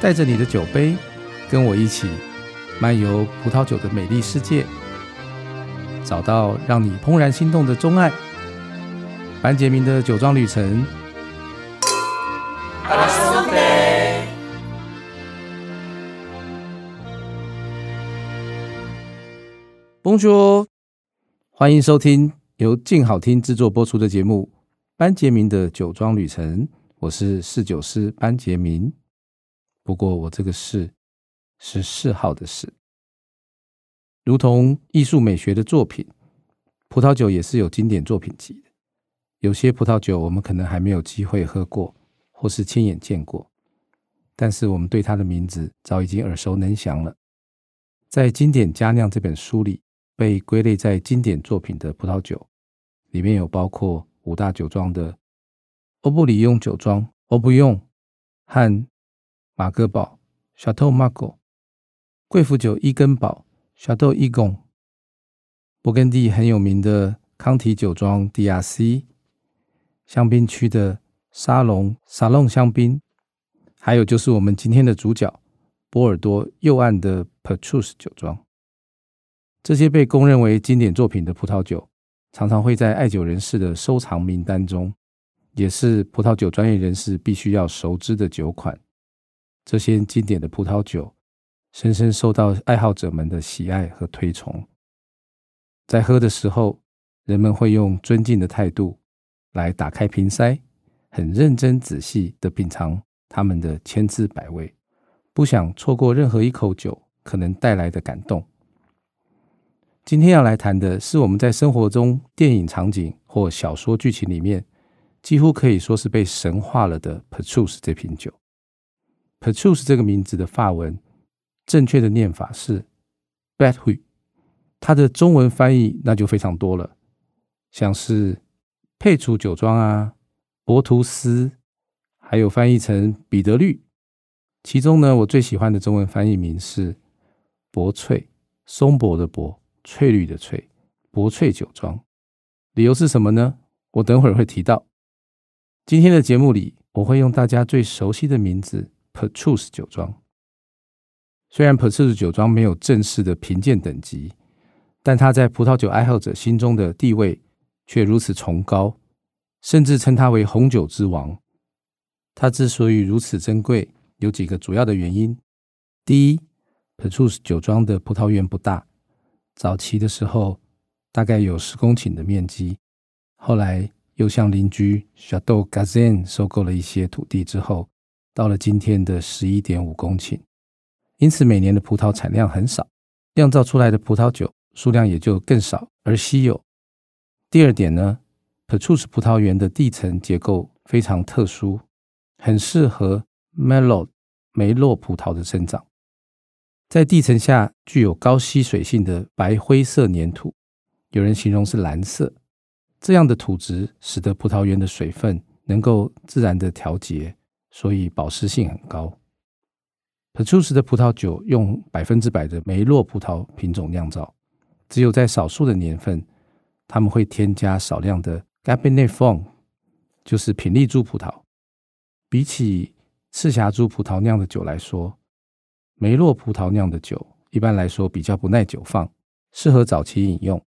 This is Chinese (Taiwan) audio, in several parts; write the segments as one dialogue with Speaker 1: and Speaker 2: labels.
Speaker 1: 帶着你的酒杯，跟我一起漫遊葡萄酒的美麗世界，找到讓你怦然心動的鍾愛。班傑銘的酒莊旅程。阿蘇貝，Bonjour。歡迎收聽由靜好聽製作播出的節目《班傑銘的酒莊旅程》，我是侍酒師班傑銘。不過我這個是是嗜好的事，如同藝術美學的作品，葡萄酒也是有經典作品集的。有些葡萄酒我們可能還沒有機會喝過，或是親眼見過，但是我們對它的名字早已經耳熟能詳了。在《經典佳釀》這本書裡，被歸類在經典作品的葡萄酒，裡面有包括五大酒莊的歐布里雍酒莊歐布，歐布用和。馬歌堡 （Chateau m a r g o u 貴腐酒伊根堡 （Chateau Egon）、勃艮第很有名的康提酒莊 （DRC）、香檳區的沙龍沙龍 a l o n 香檳，還有就是我們今天的主角——波爾多右岸的 Petrus 酒莊。這些被公認為經典作品的葡萄酒，常常會在愛酒人士的收藏名單中，也是葡萄酒專業人士必須要熟知的酒款。這些經典的葡萄酒深深受到愛好者們的喜愛和推崇。在喝的時候，人們會用尊敬的態度來打開瓶塞，很認真仔細地品嘗它們的千滋百味，不想錯過任何一口酒可能帶來的感動。今天要來談的是我們在生活中電影場景、或小說劇情裡面幾乎可以說是被神化了的 Petrus 這瓶酒。Petrus 這個名字的法文，正確的念法是 Bad h u，它的中文翻譯那就非常多了，像是佩楚酒莊啊、柏圖斯，還有翻譯成彼得綠。其中呢，我最喜歡的中文翻譯名是柏翠，松柏的柏，翠綠的翠，柏翠酒莊。理由是什麼呢？我等會兒會提到。今天的節目裡，我會用大家最熟悉的名字。p e t r u 酒莊，雖然 p e t r u 酒莊沒有正式的評鑑等級，但他在葡萄酒愛好者心中的地位卻如此崇高，甚至稱它為紅酒之王。它之所以如此珍貴，有幾個主要的原因：第一 p e t r u 酒莊的葡萄園不大，早期的時候大概有十公頃的面積，後來又向鄰居 s h a d e a Gazin 收購了一些土地之後。到了今天的十一點五公頃，因此每年的葡萄產量很少，釀造出來的葡萄酒數量也就更少而稀有。第二點呢，Petrus 葡萄園的地層結構非常特殊，很適合 Merlot，梅洛葡萄的生長。在地層下具有高吸水性的白灰色粘土，有人形容是藍色。這樣的土質使得葡萄園的水分能夠自然的調節。所以保濕性很高。Petrus 的葡萄酒用百分之百的梅洛葡萄品種釀造，只有在少數的年份，他們會添加少量的 Cabernet Franc，就是品麗珠葡萄。比起赤霞珠葡萄釀的酒來說，梅洛葡萄釀的酒一般來說比較不耐久放，適合早期飲用。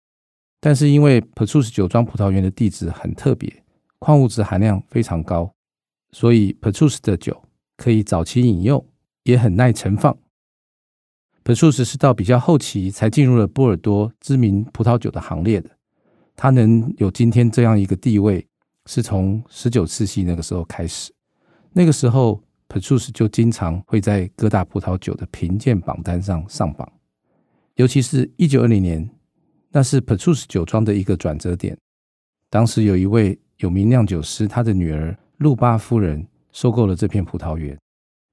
Speaker 1: 但是因為 Petrus 酒莊葡萄園的地質很特別，礦物質含量非常高。所以，Petrus 的酒可以早期飲用，也很耐存放。Petrus 是到比較後期才進入了波爾多知名葡萄酒的行列的。他能有今天這樣一個地位，是從十九世紀那個時候開始。那個時候，Petrus 就經常會在各大葡萄酒的評鑑榜單上上榜。尤其是一九二零年，那是 Petrus 酒莊的一個轉折點。當時有一位有名釀酒師，他的女兒。路巴夫人收購了這片葡萄園，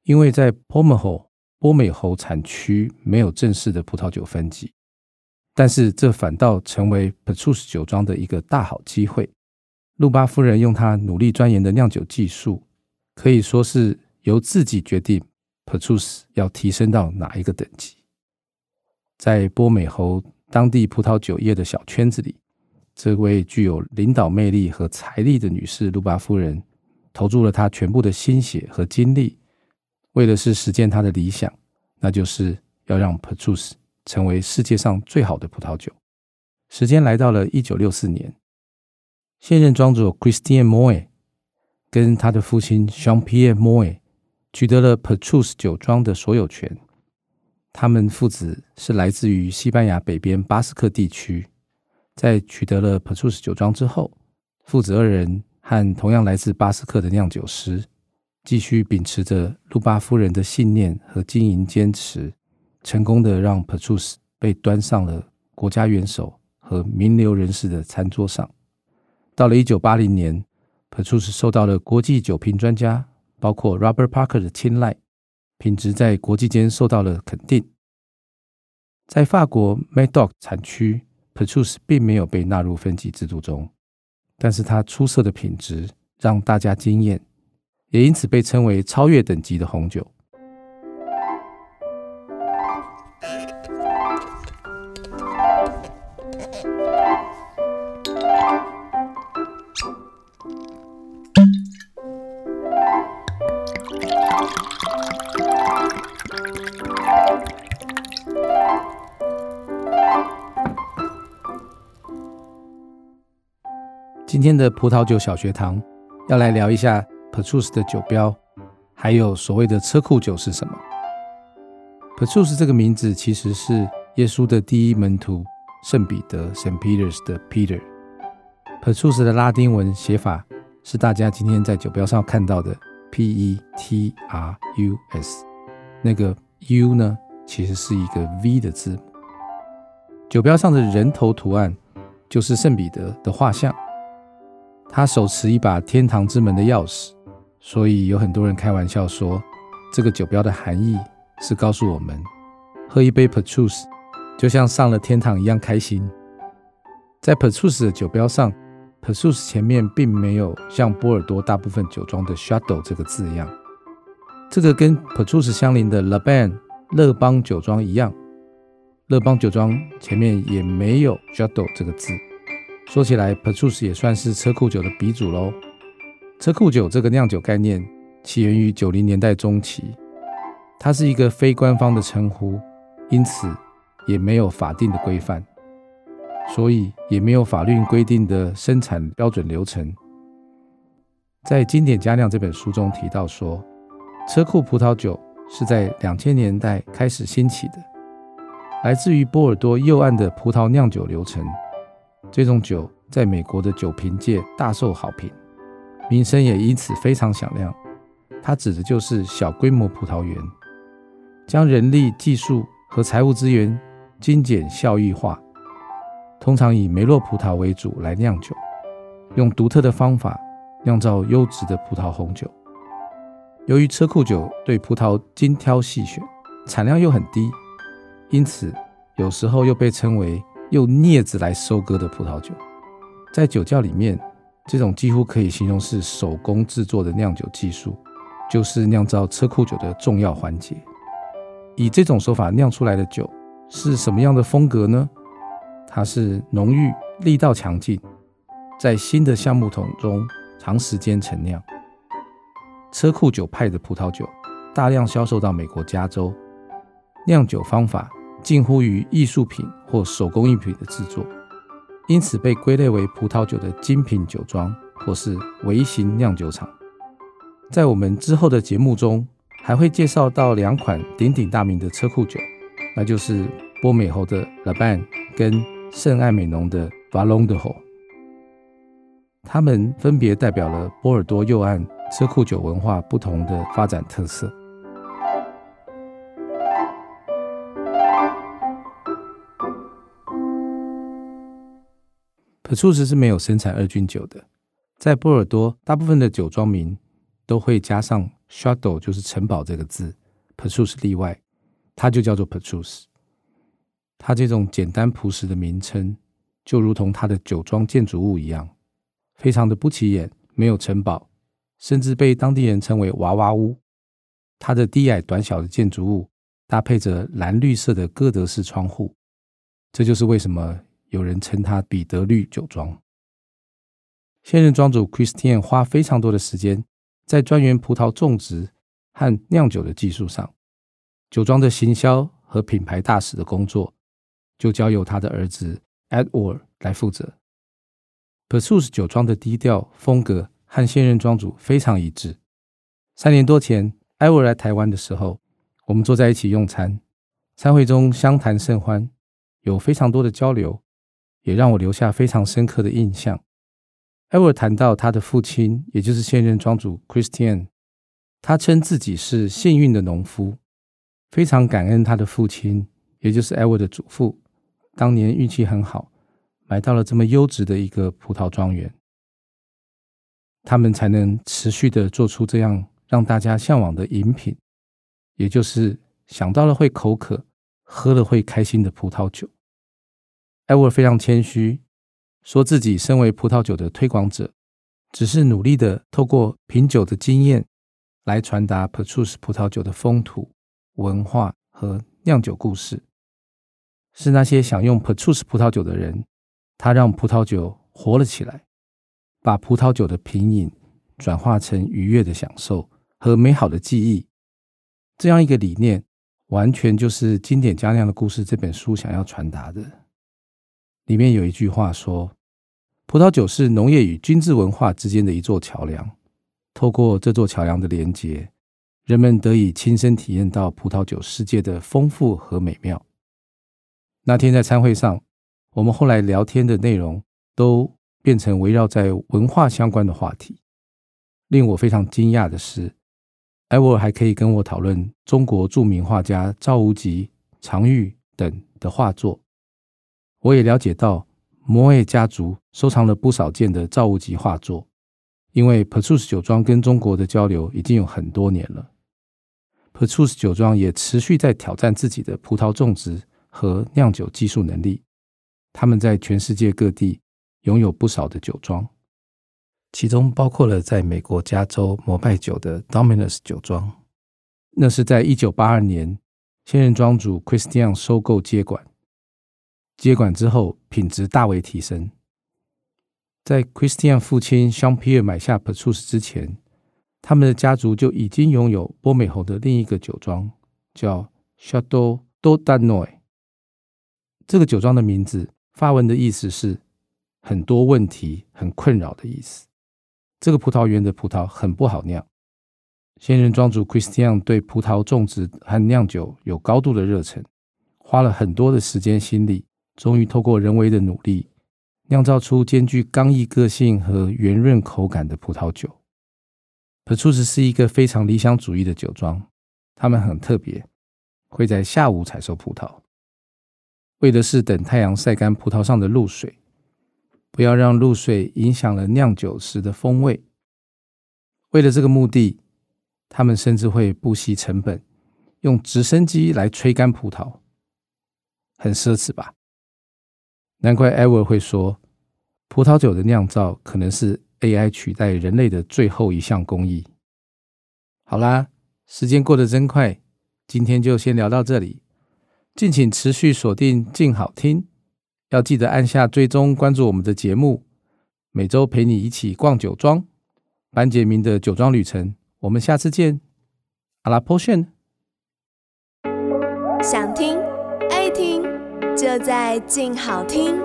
Speaker 1: 因為在 Pomerol，波美侯產區沒有正式的葡萄酒分級，但是這反倒成為 Petrus 酒莊的一個大好機會。路巴夫人用她努力鑽研的釀酒技術，可以說是由自己決定 Petrus 要提升到哪一個等級。在波美侯當地葡萄酒業的小圈子裡，這位具有領導魅力和財力的女士路巴夫人，投注了他全部的心血和精力，為的是實踐他的理想，那就是要讓 Petrus 成為世界上最好的葡萄酒。時間來到了一九六四年，現任莊主 Christian Moueix 跟他的父親 Jean-Pierre Moueix 取得了 Petrus 酒莊的所有權。他們父子是來自於西班牙北邊巴斯克地區。在取得了 Petrus 酒莊之後，父子二人。和同樣來自巴斯克的釀酒師，繼續秉持着路巴夫人的信念和經營堅持，成功地讓 Petrus 被端上了國家元首和名流人士的餐桌上。到了一九八零年，Petrus 受到了國際酒評專家，包括 Robert Parker 的青睞，品質在國際間受到了肯定。在法國 Médoc 產區，Petrus 並沒有被納入分級制度中。但是它出色的品質讓大家驚艷，也因此被稱為超越等級的紅酒。今天的葡萄酒小學堂要來聊一下 Petrus 的酒標，還有所謂的車庫酒是什麼。Petrus 這個名字其實是耶穌的第一門徒聖彼得 （Saint Peter） 的 Peter。Petrus 的拉丁文寫法是大家今天在酒標上看到的 Petrus，那個 U 呢，其實是一個 V 的字母。酒標上的人頭圖案就是聖彼得的畫像。他手持一把天堂之門的鑰匙，所以有很多人開玩笑說，這個酒標的含義是告訴我們，喝一杯 Petrus 就像上了天堂一樣開心。在 Petrus 的酒標上，Petrus 前面並沒有像波爾多大部分酒莊的 Chateau 這個字一樣，這個跟 Petrus 相鄰的 La Ban 樂邦酒莊一樣，樂邦酒莊前面也沒有 Chateau 這個字。說起來，Petrus 也算是車庫酒的鼻祖嘍。車庫酒這個釀酒概念起源於九零年代中期，它是一個非官方的稱呼，因此也沒有法定的規範，所以也沒有法律規定的生產標準流程。在《經典佳釀》這本書中提到說，車庫葡萄酒是在兩千年代開始興起的，來自於波爾多右岸的葡萄釀酒流程。這種酒在美國的酒瓶界大受好評，名聲也因此非常響亮。它指的就是小規模葡萄園，將人力、技術和財務資源精簡效益化，通常以梅洛葡萄為主來釀酒，用獨特的方法釀造優質的葡萄紅酒。由於車庫酒對葡萄精挑細選，產量又很低，因此有時候又被稱為。用鑷子來收割的葡萄酒，在酒窖裡面，這種幾乎可以形容是手工製作的釀酒技術，就是釀造車庫酒的重要環節。以這種手法釀出來的酒是什麼樣的風格呢？它是濃郁、力道強勁，在新的橡木桶中長時間陳釀。車庫酒派的葡萄酒大量銷售到美國加州，釀酒方法近乎於藝術品。或手工藝品的制作，因此被歸類為葡萄酒的精品酒莊或是微型釀酒廠。在我們之後的節目中，還會介紹到兩款鼎鼎大名的車庫酒，那就是波美侯的 La Ban 跟聖艾美農的 v a l o n de h a 它們分別代表了波爾多右岸車庫酒文化不同的發展特色。Petrus 是沒有生產二軍酒的，在波爾多，大部分的酒莊名都會加上 Chateau 就是城堡這個字。Petrus 例外，它就叫做 Petrus。它這種簡單樸實的名稱，就如同它的酒莊建築物一樣，非常的不起眼，沒有城堡，甚至被當地人稱為“娃娃屋”。它的低矮短小的建築物，搭配着藍綠色的哥德式窗戶，這就是為什麼。有人稱他彼得綠酒莊現任莊主 Christian 花非常多的時間在專研葡萄種植和釀酒的技術上，酒莊的行銷和品牌大使的工作就交由他的兒子 Edward 來負責。Petrus 酒莊的低調風格和現任莊主非常一致。三年多前，Edward 來台灣的時候，我們坐在一起用餐，餐會中相談甚歡，有非常多的交流。也讓我留下非常深刻的印象。艾薇爾談到他的父親，也就是現任莊主 Christian，他稱自己是幸運的農夫，非常感恩他的父親，也就是艾薇爾的祖父，當年運氣很好，買到了這麼優質的一個葡萄莊園，他們才能持續的做出這樣讓大家嚮往的飲品，也就是想到了會口渴，喝了會開心的葡萄酒。艾沃非常謙虛，說自己身為葡萄酒的推廣者，只是努力的透過品酒的經驗來傳達 Petrus 葡萄酒的風土、文化和釀酒故事。是那些享用 Petrus 葡萄酒的人，他讓葡萄酒活了起來，把葡萄酒的品飲轉化成愉悅的享受和美好的記憶。這樣一個理念，完全就是《經典佳釀的故事》這本書想要傳達的。裡面有一句話說：“葡萄酒是農業與軍事文化之間的一座橋梁。透過這座橋梁的連接，人們得以親身體驗到葡萄酒世界的豐富和美妙。”那天在餐會上，我們後來聊天的內容都變成圍繞在文化相關的話題。令我非常驚訝的是，艾沃爾還可以跟我討論中國著名畫家趙無極、常玉等的畫作。我也了解到，摩耶家族收藏了不少件的趙無極畫作。因為 Petrus 酒莊跟中國的交流已經有很多年了，Petrus 酒莊也持續在挑戰自己的葡萄種植和釀酒技術能力。他們在全世界各地擁有不少的酒莊，其中包括了在美國加州摩拜酒的 Dominus 酒莊，那是在一九八二年現任莊主 Christian 收購接管。接管之後，品質大為提升。在 Christian 父親 Jean Pierre 買下 Petrus 之前，他們的家族就已經擁有波美侯的另一個酒莊，叫 Château Trotanoy。這個酒莊的名字法文的意思是“很多問題很困擾”的意思。這個葡萄園的葡萄很不好釀。現任莊主 Christian 對葡萄種植和釀酒有高度的熱忱，花了很多的時間心力。終於透過人為的努力，釀造出兼具剛毅個性和圓潤口感的葡萄酒。Petrus 是一個非常理想主義的酒莊，他們很特別，會在下午採收葡萄，為的是等太陽曬乾葡萄上的露水，不要讓露水影響了釀酒時的風味。為了這個目的，他們甚至會不惜成本，用直升機來吹乾葡萄，很奢侈吧？難怪 Ever 會說，葡萄酒的釀造可能是 AI 取代人類的最後一項工藝。好啦，時間過得真快，今天就先聊到這裡。敬請持續鎖定鏡好聽，要記得按下追蹤關注我們的節目，每周陪你一起逛酒莊。班傑銘的酒莊旅程，我們下次見。阿拉波炫，想聽。就在靜好聽。